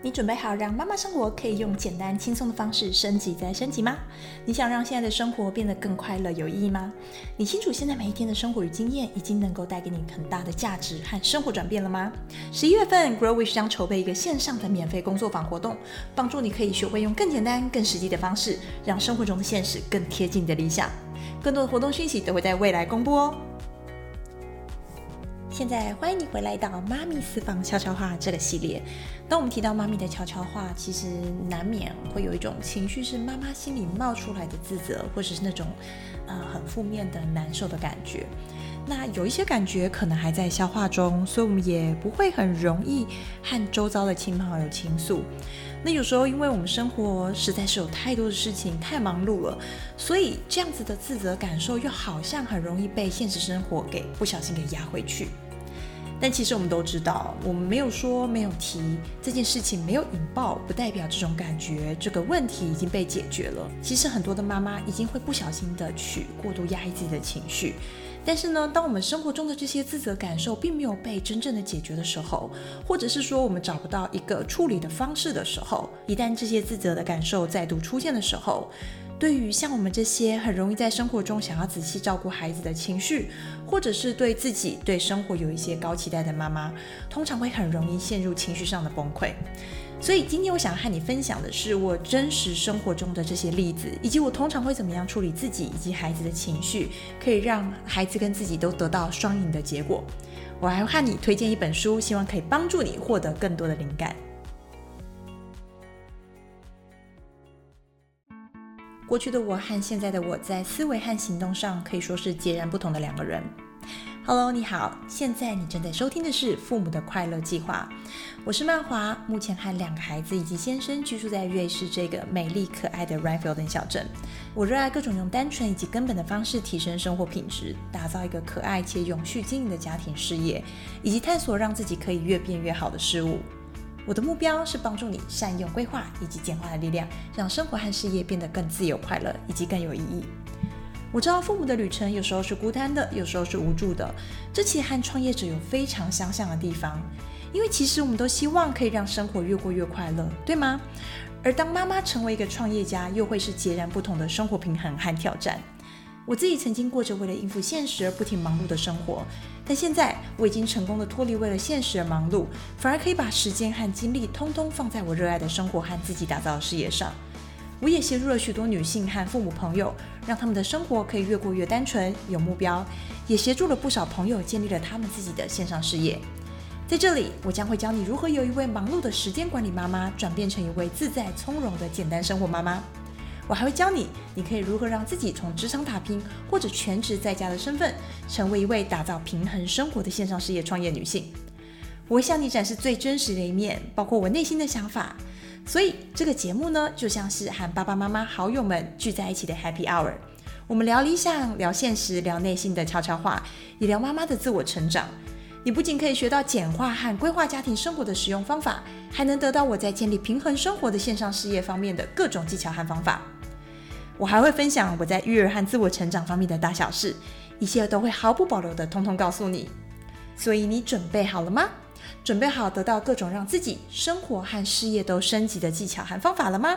你準備好讓媽媽生活可以用簡單輕鬆的方式升級再升級嗎？你想讓現在的生活變得更快樂、有意義嗎？你清楚現在每一天的生活與經驗已經能夠帶給你很大的價值和生活轉變了嗎？十一月份，Grow Wish 將籌備一個線上的免費工作坊活動，幫助你可以學會用更簡單、更實際的方式，讓生活中的現實更貼近你的理想。更多的活動訊息都會在未來公布哦。現在歡迎你回來到媽咪私房悄悄話這個系列。當我們提到媽咪的悄悄話，其實難免會有一種情緒，是媽媽心裡冒出來的自責，或者是那種呃很負面的難受的感覺。那有一些感覺可能還在消化中，所以我們也不會很容易和周遭的親朋好友傾訴。那有時候因為我們生活實在是有太多的事情，太忙碌了，所以這樣子的自責感受又好像很容易被現實生活給不小心給壓回去。但其實我們都知道，我們沒有說、沒有提這件事情，沒有引爆，不代表這種感覺、這個問題已經被解決了。其實很多的媽媽已經會不小心的去過度壓抑自己的情緒。但是呢，當我們生活中的這些自責感受並沒有被真正的解決的時候，或者是說我們找不到一個處理的方式的時候，一旦這些自責的感受再度出現的時候，對於像我們這些很容易在生活中想要仔細照顧孩子的情緒，或者是對自己、對生活有一些高期待的媽媽，通常會很容易陷入情緒上的崩潰。所以今天我想和你分享的是我真實生活中的這些例子，以及我通常會怎麼樣處理自己以及孩子的情緒，可以讓孩子跟自己都得到雙贏的結果。我還會和你推薦一本書，希望可以幫助你獲得更多的靈感。過去的我和現在的我在思維和行動上可以說是截然不同的兩個人。Hello，你好，現在你正在收聽的是《父母的快樂計劃》，我是曼華，目前和兩個孩子以及先生居住在瑞士這個美麗可愛的 Rheinfelden 小鎮。我熱愛各種用單純以及根本的方式提升生活品質，打造一個可愛且永續經營的家庭事業，以及探索讓自己可以越變越好的事物。我的目標是幫助你善用規劃以及簡化的力量，讓生活和事業變得更自由、快樂以及更有意義。我知道父母的旅程有時候是孤單的，有時候是無助的，這其實和創業者有非常相像的地方，因為其實我們都希望可以讓生活越過越快樂，對嗎？而當媽媽成為一個創業家，又會是截然不同的生活平衡和挑戰。我自己曾經過着為了應付現實而不停忙碌的生活，但現在我已經成功地脫離為了現實而忙碌，反而可以把時間和精力通通放在我熱愛的生活和自己打造的事業上。我也協助了許多女性和父母朋友，讓他們的生活可以越過越單純，有目標，也協助了不少朋友建立了他們自己的線上事業。在這裡，我將會教你如何由一位忙碌的時間管理媽媽轉變成一位自在從容的簡單生活媽媽。我還會教你，你可以如何讓自己從職場打拼或者全職在家的身份，成為一位打造平衡生活的線上事業創業女性。我會向你展示最真實的一面，包括我內心的想法。所以這個節目呢，就像是和爸爸媽媽、好友們聚在一起的 Happy Hour，我們聊理想、聊現實、聊內心的悄悄話，也聊媽媽的自我成長。你不僅可以學到簡化和規劃家庭生活的實用方法，還能得到我在建立平衡生活的線上事業方面的各種技巧和方法。我還會分享我在育兒和自我成長方面的大小事，一切都會毫不保留的通通告訴你。所以你準備好了嗎？準備好得到各種讓自己生活和事業都升級的技巧和方法了嗎？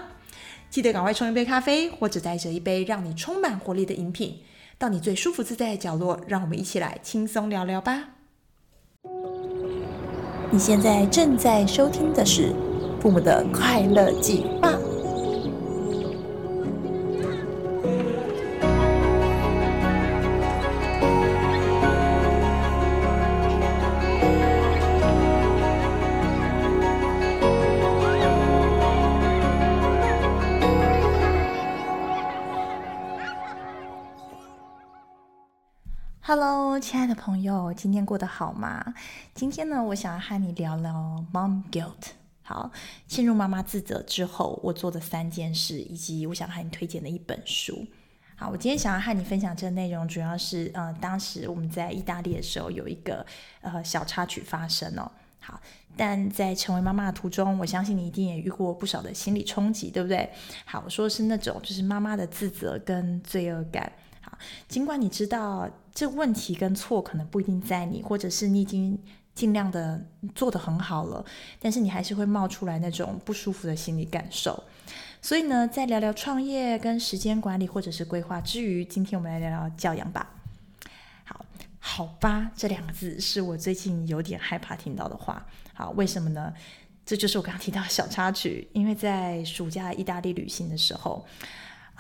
記得趕快沖一杯咖啡，或者帶着一杯讓你充滿活力的飲品，到你最舒服自在的角落，讓我們一起來輕鬆聊聊吧。你現在正在收聽的是《父母的快樂計劃》。親愛的朋友，今天過得好嗎？今天呢，我想要和你聊聊 mom guilt，好，陷入媽媽自責之後，我做的三件事，以及我想和你推薦的一本書。好，我今天想要和你分享這個內容，主要是呃，當時我們在意大利的時候有一個呃小插曲發生哦。好，但在成為媽媽的途中，我相信你一定也遇過不少的心理衝擊，對不對？好，我說的是那種就是媽媽的自責跟罪惡感。好，儘管你知道這問題跟錯可能不一定在你，或者是你已經儘量的做得很好了，但是你還是會冒出來那種不舒服的心理感受。所以呢，在聊聊創業跟時間管理或者是規劃之餘，今天我們來聊聊教養吧。好，好吧，這兩個字是我最近有點害怕聽到的話。好，為什麼呢？這就是我剛剛提到的小插曲，因為在暑假意大利旅行的時候。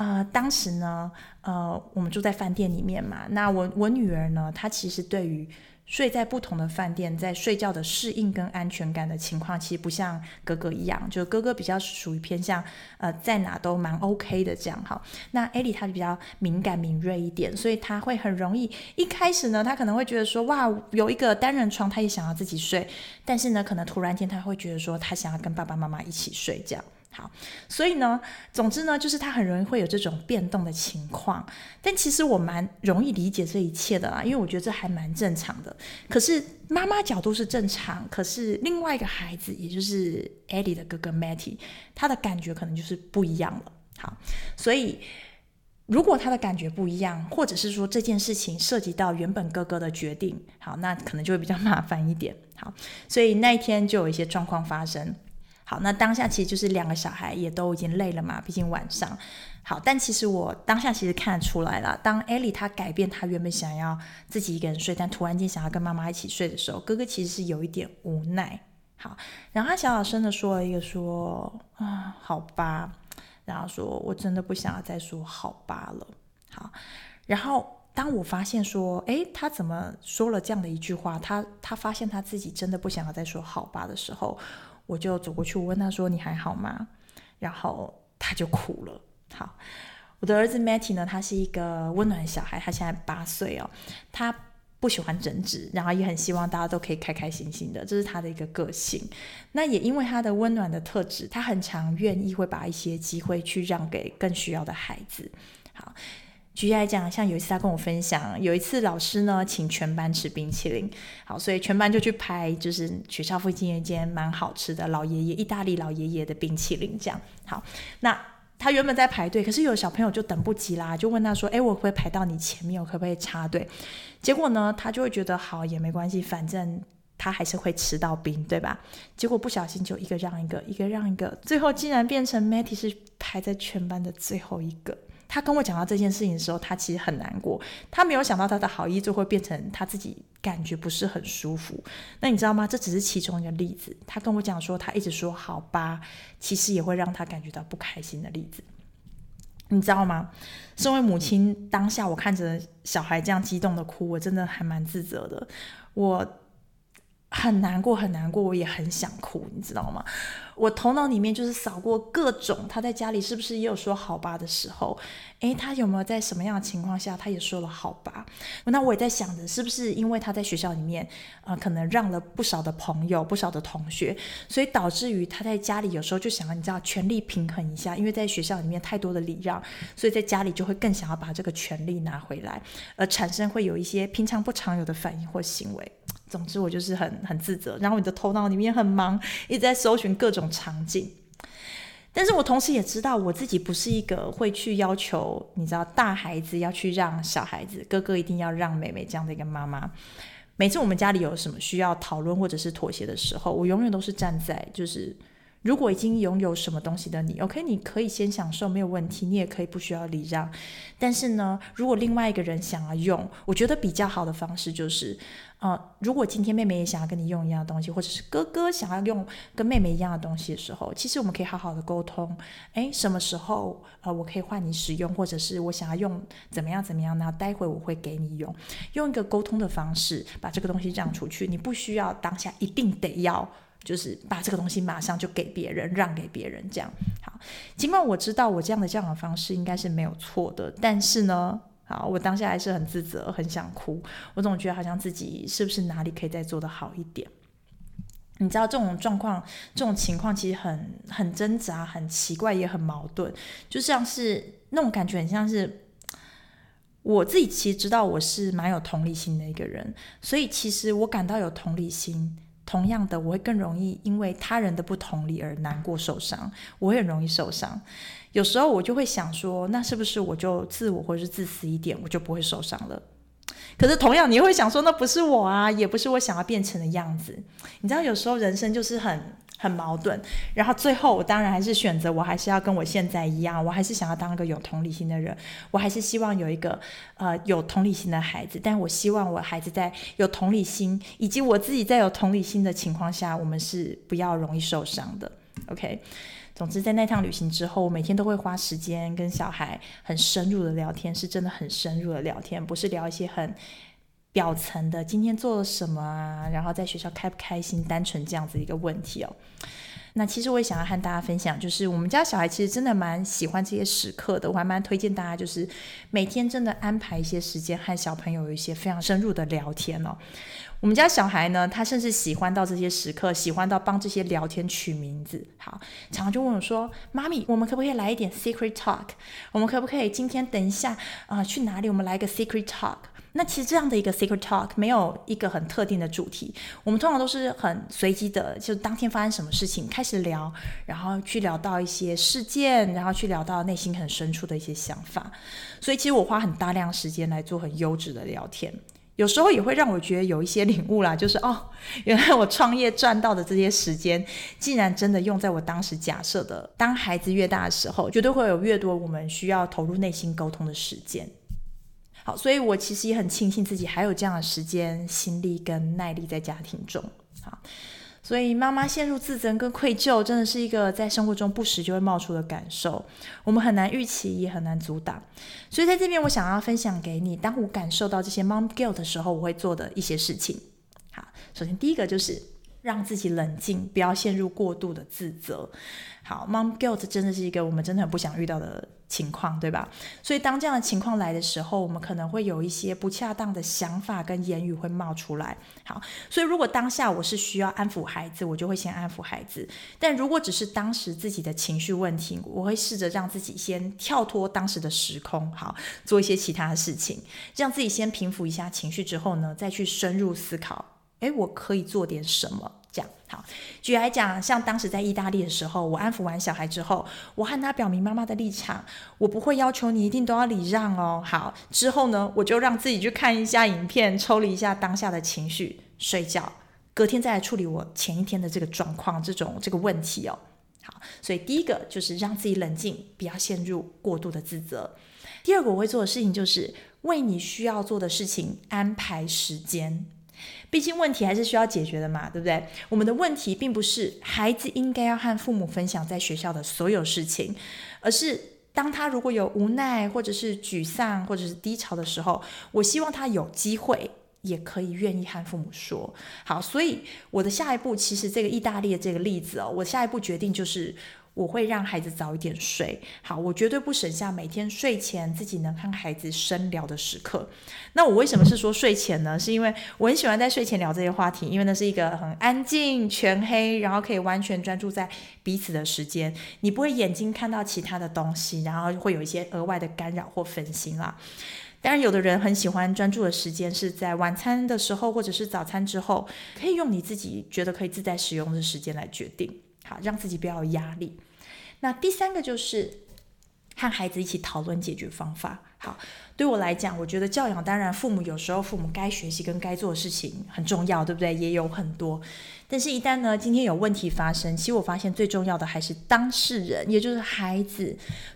呃，當時呢，呃，我們住在飯店裡面嘛。那我我女兒呢，她其實對於睡在不同的飯店，在睡覺的適應跟安全感的情況，其實不像哥哥一樣，就哥哥比較屬於偏向呃在哪都蠻 OK 的這樣哈。那艾莉她就比較敏感敏銳一點，所以她會很容易一開始呢，她可能會覺得說哇有一個單人床，她也想要自己睡。但是呢，可能突然間她會覺得說，她想要跟爸爸媽媽一起睡覺。好，所以呢，總之呢，就是他很容易會有這種變動的情況。但其實我蠻容易理解這一切的啦，因為我覺得這還蠻正常的。可是媽媽角度是正常，可是另外一個孩子，也就是 Eddie 的哥哥 Matty，他的感覺可能就是不一樣了。好，所以如果他的感覺不一樣，或者是說這件事情涉及到原本哥哥的決定，好，那可能就會比較麻煩一點。好，所以那一天就有一些狀況發生。好，那當下其實就是兩個小孩也都已經累了嘛，畢竟晚上。好，但其實我當下其實看得出來了，當艾莉她改變她原本想要自己一個人睡，但突然間想要跟媽媽一起睡的時候，哥哥其實是有一點無奈。好，然後他小小聲的說了一個說啊，好吧。然後說我真的不想要再說好吧了。好，然後當我發現說，誒，他怎麼說了這樣的一句話？他他發現他自己真的不想要再說好吧的時候。我就走過去，我問他說：“你還好嗎？”然後他就哭了。好，我的兒子 Matty 呢，他是一個溫暖的小孩，他現在八歲哦，他不喜歡爭執，然後也很希望大家都可以開開心心的，這是他的一個個性。那也因為他的溫暖的特質，他很常願意會把一些機會去讓給更需要的孩子。好。具體來講，像有一次他跟我分享，有一次老師呢請全班吃冰淇淋，好，所以全班就去排，就是學校附近一間蠻好吃的老爺爺意大利老爺爺的冰淇淋，這樣好。那他原本在排隊，可是有小朋友就等不及啦，就問他說：“哎，我會排到你前面，我可不可以插隊？”結果呢，他就會覺得好也沒關係，反正他還是會吃到冰，對吧？結果不小心就一個讓一個，一個讓一個，最後竟然變成 Matty 是排在全班的最後一個。他跟我講到這件事情的時候，他其實很難過。他沒有想到他的好意就會變成他自己感覺不是很舒服。那你知道嗎？這只是其中一個例子。他跟我講說，他一直說好吧，其實也會讓他感覺到不開心的例子。你知道嗎？身為母親，當下我看着小孩這樣激動的哭，我真的還蠻自責的。我。很難過，很難過，我也很想哭，你知道嗎？我頭腦裡面就是掃過各種，他在家裡是不是也有說好吧的時候？誒，他有沒有在什麼樣的情況下，他也說了好吧？那我也在想着，是不是因為他在學校裡面啊、呃，可能讓了不少的朋友、不少的同學，所以導致於他在家裡有時候就想要，你知道，權力平衡一下，因為在學校裡面太多的禮讓，所以在家裡就會更想要把這個權力拿回來，而產生會有一些平常不常有的反應或行為。總之，我就是很很自責，然後我的頭腦裡面很忙，一直在搜尋各種場景。但是我同時也知道，我自己不是一個會去要求，你知道，大孩子要去讓小孩子，哥哥一定要讓妹妹這樣的一個媽媽。每次我們家裡有什麼需要討論或者是妥協的時候，我永遠都是站在就是。如果已經擁有什麼東西的你，OK，你可以先享受，沒有問題。你也可以不需要禮讓。但是呢，如果另外一個人想要用，我覺得比較好的方式就是，呃，如果今天妹妹也想要跟你用一樣的東西，或者是哥哥想要用跟妹妹一樣的東西的時候，其實我們可以好好的溝通。誒，什麼時候呃，我可以換你使用，或者是我想要用怎麼樣怎麼樣，那待會我會給你用，用一個溝通的方式把這個東西讓出去。你不需要當下一定得要。就是把這個東西馬上就給別人，讓給別人，這樣好。儘管我知道我這樣的教養方式應該是沒有錯的，但是呢，好，我當下還是很自責，很想哭。我總覺得好像自己是不是哪裡可以再做得好一點？你知道這種狀況，這種情況其實很很掙扎，很奇怪，也很矛盾，就像是那種感覺，很像是我自己其實知道我是蠻有同理心的一個人，所以其實我感到有同理心。同樣的，我會更容易因為他人的不同理而難過受傷，我很容易受傷。有時候我就會想說，那是不是我就自我或者是自私一點，我就不會受傷了？可是同樣，你會想說，那不是我啊，也不是我想要變成的樣子。你知道，有時候人生就是很。很矛盾，然後最後我當然還是選擇，我還是要跟我現在一樣，我還是想要當一個有同理心的人，我還是希望有一個呃有同理心的孩子，但我希望我孩子在有同理心，以及我自己在有同理心的情況下，我們是不要容易受傷的。OK，總之在那趟旅行之後，我每天都會花時間跟小孩很深入的聊天，是真的很深入的聊天，不是聊一些很。表層的今天做了什麼啊？然後在學校開不開心？單純這樣子一個問題哦。那其實我也想要和大家分享，就是我們家小孩其實真的蠻喜歡這些時刻的。我還蠻推薦大家，就是每天真的安排一些時間和小朋友有一些非常深入的聊天哦。我們家小孩呢，他甚至喜歡到這些時刻，喜歡到幫這些聊天取名字。好，常常就問我說：“媽咪，我們可不可以來一點 secret talk？我們可不可以今天等一下啊、呃，去哪裡？我們來個 secret talk？” 那其實這樣的一個 secret talk 沒有一個很特定的主題，我們通常都是很隨機的，就當天發生什麼事情開始聊，然後去聊到一些事件，然後去聊到內心很深處的一些想法。所以其實我花很大量時間來做很優質的聊天，有時候也會讓我覺得有一些領悟啦，就是哦，原來我創業賺到的這些時間，竟然真的用在我當時假設的，當孩子越大的時候，絕對會有越多我們需要投入內心溝通的時間。好，所以我其實也很慶幸自己還有這樣的時間、心力跟耐力在家庭中。好，所以媽媽陷入自責跟愧疚，真的是一個在生活中不時就會冒出的感受，我們很難預期，也很難阻擋。所以在這邊，我想要分享給你，當我感受到這些 mom guilt 的時候，我會做的一些事情。好，首先第一個就是。讓自己冷靜，不要陷入過度的自責。好，mom guilt 真的是一個我們真的很不想遇到的情況，對吧？所以當這樣的情況來的時候，我們可能會有一些不恰當的想法跟言語會冒出來。好，所以如果當下我是需要安撫孩子，我就會先安撫孩子；但如果只是當時自己的情緒問題，我會試着讓自己先跳脫當時的時空，好做一些其他的事情，讓自己先平復一下情緒，之後呢再去深入思考。誒，我可以做點什麼？這樣好。舉例來講，像當時在意大利的時候，我安撫完小孩之後，我和他表明媽媽的立場，我不會要求你一定都要禮讓哦。好，之後呢，我就讓自己去看一下影片，抽離一下當下的情緒，睡覺。隔天再來處理我前一天的這個狀況，這種這個問題哦。好，所以第一個就是讓自己冷靜，不要陷入過度的自責。第二個我會做的事情就是為你需要做的事情安排時間。畢竟問題還是需要解決的嘛，對不對？我們的問題並不是孩子應該要和父母分享在學校的所有事情，而是當他如果有無奈或者是沮喪或者是低潮的時候，我希望他有機會也可以願意和父母說。好，所以我的下一步，其實這個意大利的這個例子哦，我下一步決定就是。我會讓孩子早一點睡。好，我絕對不省下每天睡前自己能和孩子深聊的時刻。那我為什麼是說睡前呢？是因為我很喜歡在睡前聊這些話題，因為那是一個很安靜、全黑，然後可以完全專注在彼此的時間。你不會眼睛看到其他的東西，然後會有一些額外的干擾或分心啦。當然，有的人很喜歡專注的時間是在晚餐的時候，或者是早餐之後，可以用你自己覺得可以自在使用的時間來決定。啊，讓自己不要有壓力。那第三個就是和孩子一起討論解決方法。好，對我來講，我覺得教養當然，父母有時候父母該學習跟該做的事情很重要，對不對？也有很多。但是，一旦呢，今天有問題發生，其實我發現最重要的還是當事人，也就是孩子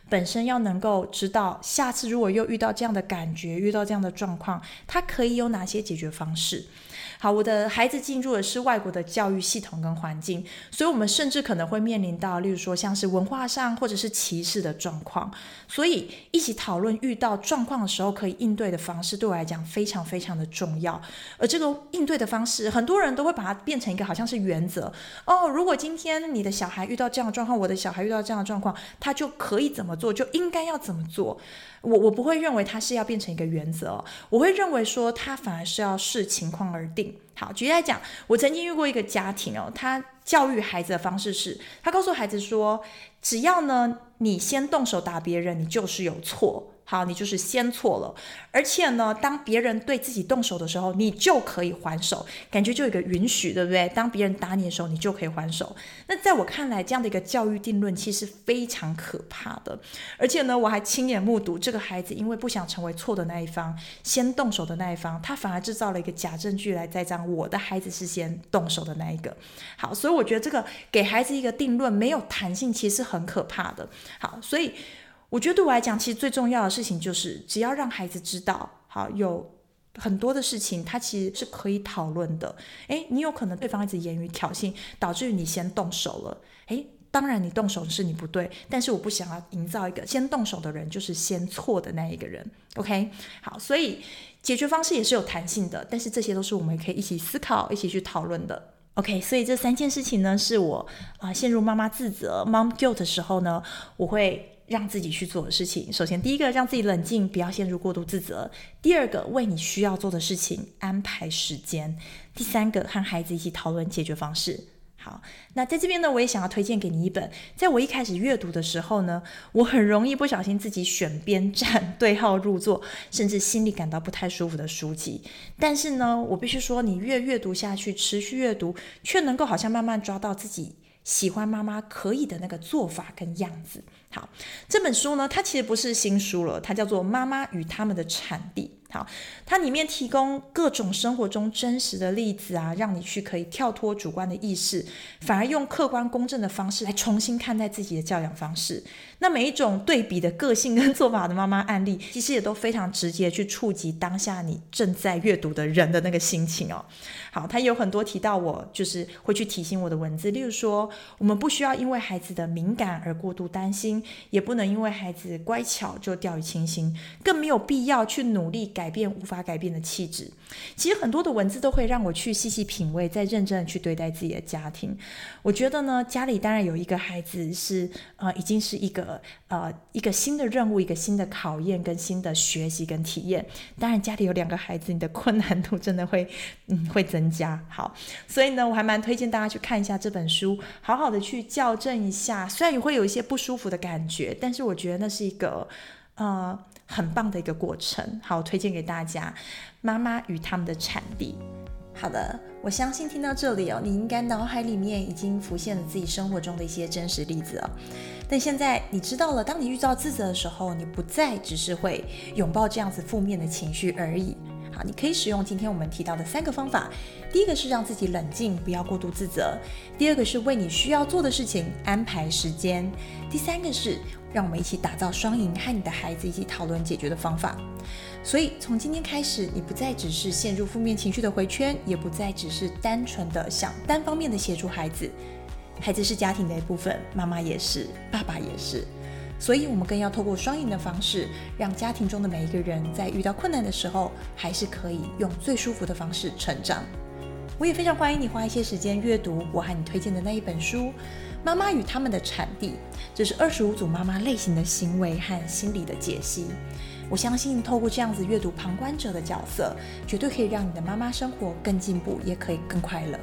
本身要能夠知道，下次如果又遇到這樣的感覺、遇到這樣的狀況，他可以有哪些解決方式。好，我的孩子進入的是外國的教育系統跟環境，所以我們甚至可能會面臨到，例如說像是文化上或者是歧視的狀況，所以一起討論遇到狀況的時候可以應對的方式，對我來講非常非常的重要。而這個應對的方式，很多人都會把它變成一個好像。是原則哦。如果今天你的小孩遇到這樣的狀況，我的小孩遇到這樣的狀況，他就可以怎麼做，就應該要怎麼做。我我不會認為他是要變成一個原則哦，我會認為說他反而是要視情況而定。好，舉例來講，我曾經遇過一個家庭哦，他教育孩子的方式是他告訴孩子說，只要呢你先動手打別人，你就是有錯。好，你就是先錯了，而且呢，當別人對自己動手的時候，你就可以還手，感覺就有一個允許，對不對？當別人打你的時候，你就可以還手。那在我看來，這樣的一個教育定論其實非常可怕的。而且呢，我還親眼目睹這個孩子因為不想成為錯的那一方，先動手的那一方，他反而制造了一個假證據來栽贓我的孩子是先動手的那一個。好，所以我覺得這個給孩子一個定論沒有彈性，其實很可怕的。好，所以。我覺得對我來講，其實最重要的事情就是，只要讓孩子知道，好，有很多的事情他其實是可以討論的。哎，你有可能對方一直言語挑釁，導致於你先動手了。哎，當然你動手的是你不對，但是我不想要營造一個先動手的人就是先錯的那一個人。OK，好，所以解決方式也是有彈性的，但是這些都是我們可以一起思考、一起去討論的。OK，所以這三件事情呢，是我啊陷入媽媽自責媽媽 Mom guilt 的時候呢，我會。讓自己去做的事情。首先，第一個，讓自己冷靜，不要陷入過度自責；第二個，為你需要做的事情安排時間；第三個，和孩子一起討論解決方式。好，那在這邊呢，我也想要推薦給你一本，在我一開始閱讀的時候呢，我很容易不小心自己選邊站，對號入座，甚至心裡感到不太舒服的書籍。但是呢，我必須說，你越閱讀下去，持續閱讀，卻能夠好像慢慢抓到自己。喜歡媽媽可以的那個做法跟樣子。好，這本書呢，它其實不是新書了，它叫做《媽媽與他們的產地》。好，它裡面提供各種生活中真實的例子啊，讓你去可以跳脫主觀的意識，反而用客觀公正的方式來重新看待自己的教養方式。那每一種對比的個性跟做法的媽媽案例，其實也都非常直接去觸及當下你正在閱讀的人的那個心情哦。好，他有很多提到我就是會去提醒我的文字，例如說，我們不需要因為孩子的敏感而過度擔心，也不能因為孩子乖巧就掉以輕心，更沒有必要去努力改。改變無法改變的氣質，其實很多的文字都會讓我去細細品味，再認真的去對待自己的家庭。我覺得呢，家裡當然有一個孩子是呃，已經是一個呃一個新的任務，一個新的考驗，跟新的學習跟體驗。當然，家裡有兩個孩子，你的困難度真的會嗯會增加。好，所以呢，我還蠻推薦大家去看一下這本書，好好的去校正一下。雖然也會有一些不舒服的感覺，但是我覺得那是一個呃。很棒的一個過程，好，推薦給大家。媽媽與他們的產地。好的，我相信聽到這裡哦，你應該腦海裡面已經浮現了自己生活中的一些真實例子了哦。但現在你知道了，當你遇到自責的時候，你不再只是會擁抱這樣子負面的情緒而已。好，你可以使用今天我們提到的三個方法。第一個是讓自己冷靜，不要過度自責；第二個是為你需要做的事情安排時間；第三個是。讓我們一起打造雙贏，和你的孩子一起討論解決的方法。所以從今天開始，你不再只是陷入負面情緒的回圈，也不再只是單純的想單方面的協助孩子。孩子是家庭的一部分，媽媽也是，爸爸也是。所以，我們更要透過雙贏的方式，讓家庭中的每一個人在遇到困難的時候，還是可以用最舒服的方式成長。我也非常歡迎你花一些時間閱讀我和你推薦的那一本書。媽媽與他們的產地，這是二十五組媽媽類型的行為和心理的解析。我相信，透過這樣子閱讀旁觀者的角色，絕對可以讓你的媽媽生活更進步，也可以更快樂。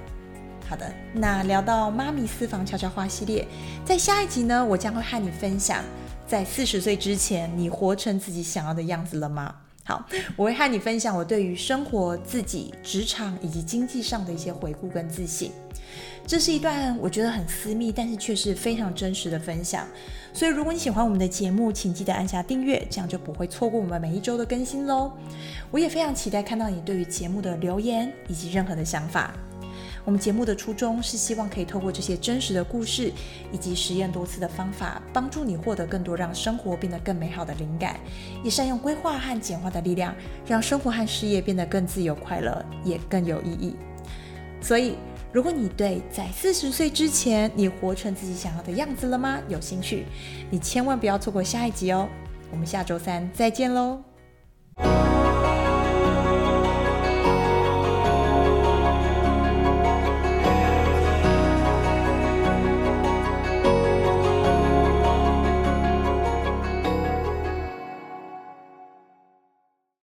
好的，那聊到媽咪私房悄悄話系列，在下一集呢，我將會和你分享，在四十歲之前，你活成自己想要的樣子了嗎？好，我會和你分享我對於生活、自己、職場以及經濟上的一些回顧跟自省。這是一段我覺得很私密，但是卻是非常真實的分享。所以，如果你喜歡我們的節目，請記得按下訂閱，這樣就不會錯過我們每一周的更新嘍。我也非常期待看到你對於節目的留言以及任何的想法。我們節目的初衷是希望可以透過這些真實的故事，以及實驗多次的方法，幫助你獲得更多讓生活變得更美好的靈感，也善用規劃和簡化的力量，讓生活和事業變得更自由、快樂，也更有意義。所以，如果你對在四十歲之前，你活成自己想要的樣子了嗎？有興趣，你千萬不要錯過下一集哦。我們下周三再見嘍。